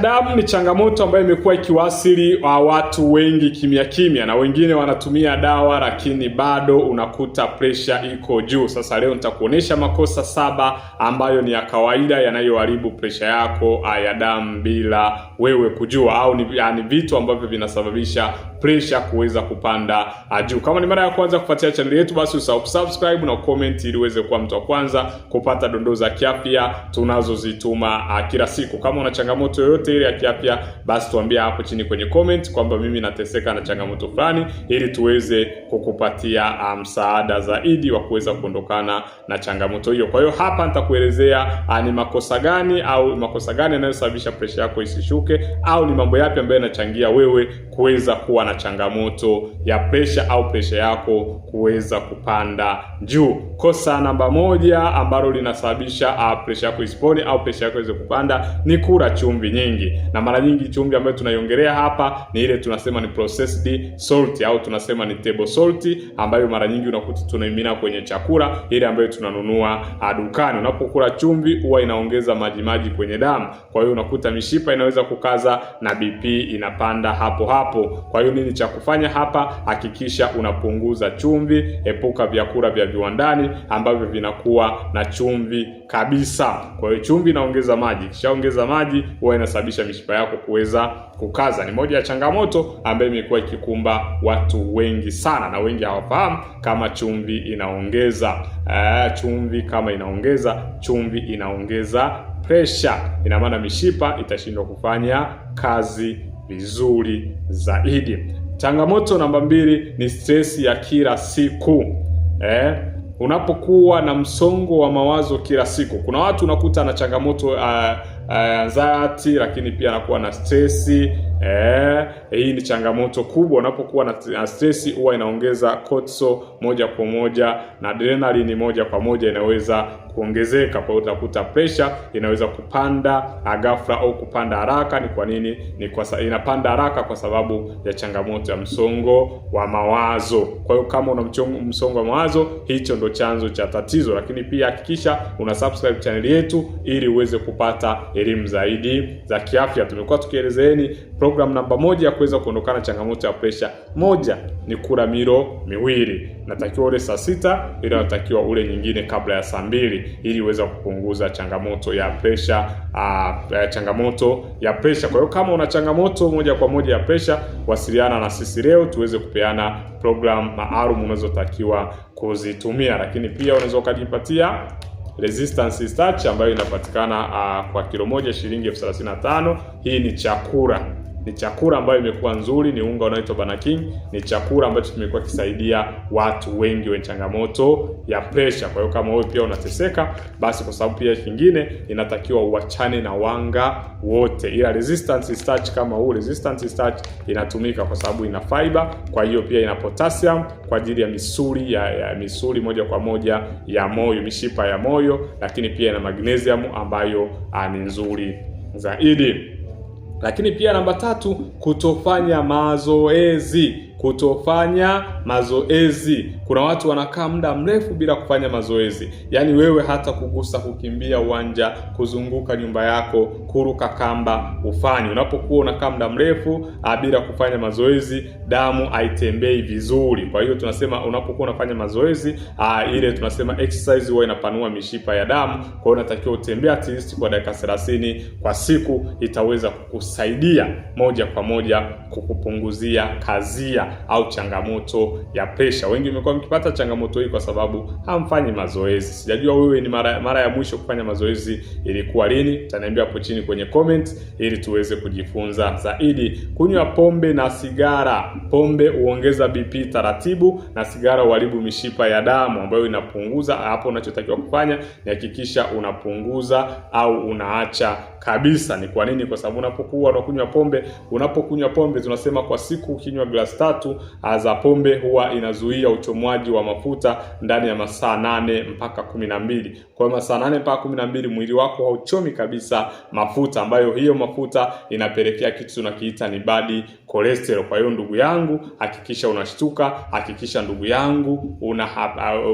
Damu ni changamoto ambayo imekuwa ikiwasili wa uh, watu wengi kimya kimya, na wengine wanatumia dawa lakini bado unakuta presha iko juu. Sasa leo nitakuonesha makosa saba ambayo ni ya kawaida yanayoharibu presha yako uh, ya damu bila wewe kujua, au ni, ni vitu ambavyo vinasababisha presha kuweza kupanda ah, juu. Kama ni mara ya kwanza kufuatia chaneli yetu, basi usahau kusubscribe na comment ili uweze kuwa mtu wa kwanza kupata dondoo za kiafya tunazozituma ah, kila siku. Kama una changamoto yoyote ile ya kiafya, basi tuambie hapo chini kwenye comment kwamba mimi nateseka na changamoto fulani, ili tuweze kukupatia ah, msaada um, zaidi wa kuweza kuondokana na changamoto hiyo. Kwa hiyo hapa nitakuelezea ni makosa gani au makosa gani yanayosababisha presha yako isishuke, au ni mambo yapi ambayo yanachangia wewe kuweza kuwa na na changamoto ya presha au presha yako kuweza kupanda juu. Kosa namba moja ambalo linasababisha ah, presha yako isipone au presha yako iweze kupanda ni kula chumvi nyingi, na mara nyingi chumvi ambayo tunaiongelea hapa ni ile tunasema ni processed salt au tunasema ni table salt, ambayo mara nyingi unakuta tunaimina kwenye chakula ile ambayo tunanunua ah, dukani. Unapokula chumvi huwa inaongeza majimaji kwenye damu, kwa hiyo unakuta mishipa inaweza kukaza na BP inapanda hapo hapo. Kwa hiyo nini cha kufanya hapa, hakikisha unapunguza chumvi, epuka vyakula vya viwandani ambavyo vinakuwa na chumvi kabisa. Kwa hiyo chumvi inaongeza maji, ikishaongeza maji huwa inasababisha mishipa yako kuweza kukaza. Ni moja ya changamoto ambayo imekuwa ikikumba watu wengi sana, na wengi hawafahamu kama chumvi inaongeza e, chumvi kama inaongeza chumvi inaongeza pressure, ina maana mishipa itashindwa kufanya kazi vizuri zaidi. Changamoto namba mbili ni stress ya kila siku eh? Unapokuwa na msongo wa mawazo kila siku, kuna watu unakuta na changamoto uh, uh, anxiety, lakini pia anakuwa na stress Eh, hii ni changamoto kubwa. Unapokuwa na stress, huwa inaongeza cortisol moja kwa moja na adrenaline moja kwa moja inaweza kuongezeka. Kwa hiyo utakuta pressure inaweza kupanda ghafla au kupanda haraka. Ni kwa nini? Ni kwa inapanda haraka kwa sababu ya changamoto ya msongo wa mawazo. Kwa hiyo kama una msongo wa mawazo, hicho ndo chanzo cha tatizo. Lakini pia hakikisha una subscribe channel yetu ili uweze kupata elimu zaidi za kiafya. Tumekuwa tukielezeeni program namba moja ya kuweza kuondokana changamoto ya presha, moja ni kula milo miwili. Natakiwa ule saa sita, ili natakiwa ule nyingine kabla ya saa mbili, ili uweze kupunguza changamoto ya presha uh, eh, changamoto ya presha. Kwa hiyo kama una changamoto moja kwa moja ya presha, wasiliana na sisi leo tuweze kupeana program maalum unazotakiwa kuzitumia, lakini pia unaweza ukajipatia resistance starch ambayo inapatikana uh, kwa kilo moja shilingi elfu thelathini na tano. Hii ni chakula ni chakula ambayo imekuwa nzuri, ni unga unaoitwa Burner King, ni chakula ambacho kimekuwa kisaidia watu wengi wenye changamoto ya pressure. Kwa hiyo kama wewe pia unateseka, basi kwa sababu pia kingine inatakiwa uachane na wanga wote, ila resistance starch kama huu resistance starch inatumika kwa sababu ina fiber, kwa hiyo pia ina potassium kwa ajili ya misuli ya, ya misuli moja kwa moja ya moyo, mishipa ya moyo, lakini pia ina magnesium ambayo ah, ni nzuri zaidi. Lakini pia namba tatu, kutofanya mazoezi kutofanya mazoezi. Kuna watu wanakaa muda mrefu bila kufanya mazoezi, yaani wewe hata kugusa, kukimbia uwanja, kuzunguka nyumba yako, kuruka kamba ufanye. Unapokuwa unakaa muda mrefu ah, bila kufanya mazoezi, damu haitembei vizuri. Kwa hiyo tunasema unapokuwa unafanya mazoezi a, ah, ile tunasema exercise huwa inapanua mishipa ya damu. Kwa hiyo unatakiwa utembee at least kwa dakika 30 kwa siku, itaweza kukusaidia moja kwa moja kukupunguzia kazia au changamoto ya presha. Wengi mmekuwa mkipata changamoto hii kwa sababu hamfanyi mazoezi. Sijajua wewe ni mara, mara ya mwisho kufanya mazoezi ilikuwa lini? Taniambia hapo chini kwenye comment ili tuweze kujifunza zaidi. Kunywa pombe na sigara. Pombe huongeza BP taratibu na sigara huharibu mishipa ya damu ambayo inapunguza. Hapo unachotakiwa kufanya ni hakikisha unapunguza au unaacha kabisa. Ni kwa nini? Kwa sababu unapokuwa unakunywa pombe, unapokunywa pombe tunasema kwa siku ukinywa glasi tatu ah, za pombe huwa inazuia uchomwaji wa mafuta ndani ya masaa nane mpaka kumi na mbili. Kwa hiyo masaa nane mpaka kumi na mbili mwili wako hauchomi kabisa mafuta, ambayo hiyo mafuta inapelekea kitu tunakiita ni badi cholesterol. Kwa hiyo ndugu yangu, hakikisha unashtuka, hakikisha ndugu yangu una,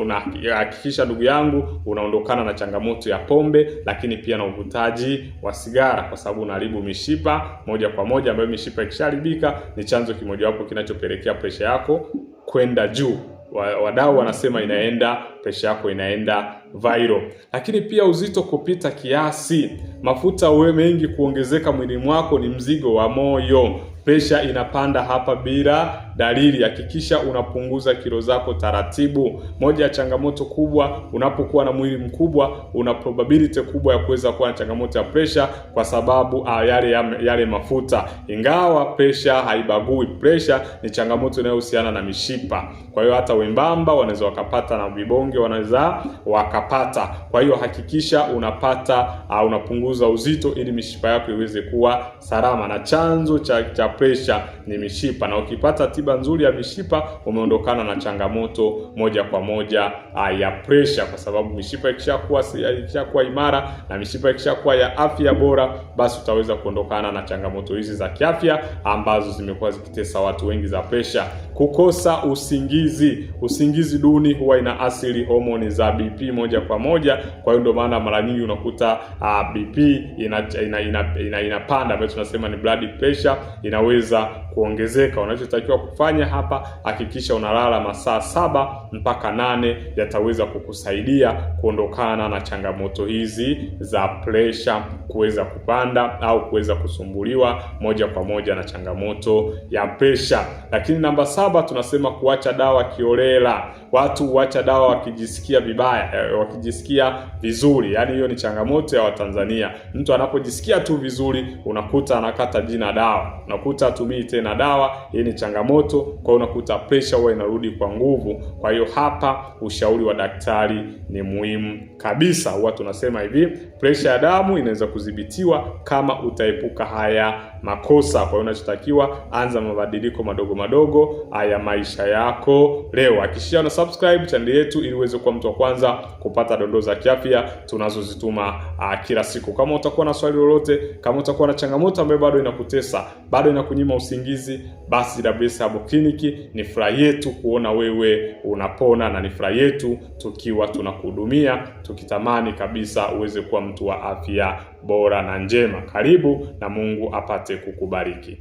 una hakikisha ndugu yangu unaondokana na changamoto ya pombe, lakini pia na uvutaji wa sigara, kwa sababu unaharibu mishipa moja kwa moja, ambayo mishipa ikisharibika ni chanzo kimojawapo kinachopelekea presha yako kwenda juu. Wadau wanasema inaenda presha yako inaenda viral. Lakini pia uzito kupita kiasi, mafuta uwe mengi kuongezeka mwilini mwako ni mzigo wa moyo presha inapanda hapa bila dalili, hakikisha unapunguza kilo zako taratibu. Moja ya changamoto kubwa, unapokuwa na mwili mkubwa, una probability kubwa ya kuweza kuwa na changamoto ya presha kwa sababu ah, yale yale mafuta, ingawa presha haibagui. Presha ni changamoto inayohusiana na mishipa, kwa hiyo hata wembamba wanaweza wakapata na vibonge wanaweza wakapata. Kwa hiyo hakikisha unapata ah, unapunguza uzito ili mishipa yako iweze kuwa salama, na chanzo cha, cha presha ni mishipa, na ukipata tiba ratiba nzuri ya mishipa, umeondokana na changamoto moja kwa moja uh, ya pressure, kwa sababu mishipa ikishakuwa ikishakuwa imara na mishipa ikishakuwa ya afya bora, basi utaweza kuondokana na changamoto hizi za kiafya ambazo zimekuwa zikitesa watu wengi za pressure. Kukosa usingizi, usingizi duni huwa ina asili homoni za BP moja kwa moja. Kwa hiyo ndio maana mara nyingi unakuta uh, ah, BP inapanda ina, ina, ina, ina, ina ambayo tunasema ni blood pressure inaweza kuongezeka. Unachotakiwa kufanya hapa, hakikisha unalala masaa saba mpaka nane, yataweza kukusaidia kuondokana na changamoto hizi za presha kuweza kupanda au kuweza kusumbuliwa moja kwa moja na changamoto ya presha. Lakini namba saba tunasema kuacha dawa kiolela. Watu huacha dawa wakijisikia vibaya, eh, wakijisikia vizuri, yaani hiyo ni changamoto ya Watanzania. Mtu anapojisikia tu vizuri, unakuta anakata jina dawa, unakuta atumii tena dawa. Hii ni changamoto moto, kwa hiyo unakuta pressure huwa inarudi kwa nguvu. Kwa hiyo hapa ushauri wa daktari ni muhimu kabisa. Huwa tunasema hivi, pressure ya damu inaweza kudhibitiwa kama utaepuka haya makosa. Kwa hiyo unachotakiwa, anza mabadiliko madogo madogo haya maisha yako leo. Hakikisha una subscribe channel yetu ili uweze kuwa mtu wa kwanza kupata dondoo za kiafya tunazozituma uh, kila siku. Kama utakuwa na swali lolote, kama utakuwa na changamoto ambayo bado inakutesa, bado inakunyima usingizi, basi WS Rehab Clinic. Ni furaha yetu kuona wewe unapona na ni furaha yetu tukiwa tunakuhudumia tukitamani kabisa uweze kuwa mtu wa afya bora na njema. Karibu na Mungu apate kukubariki.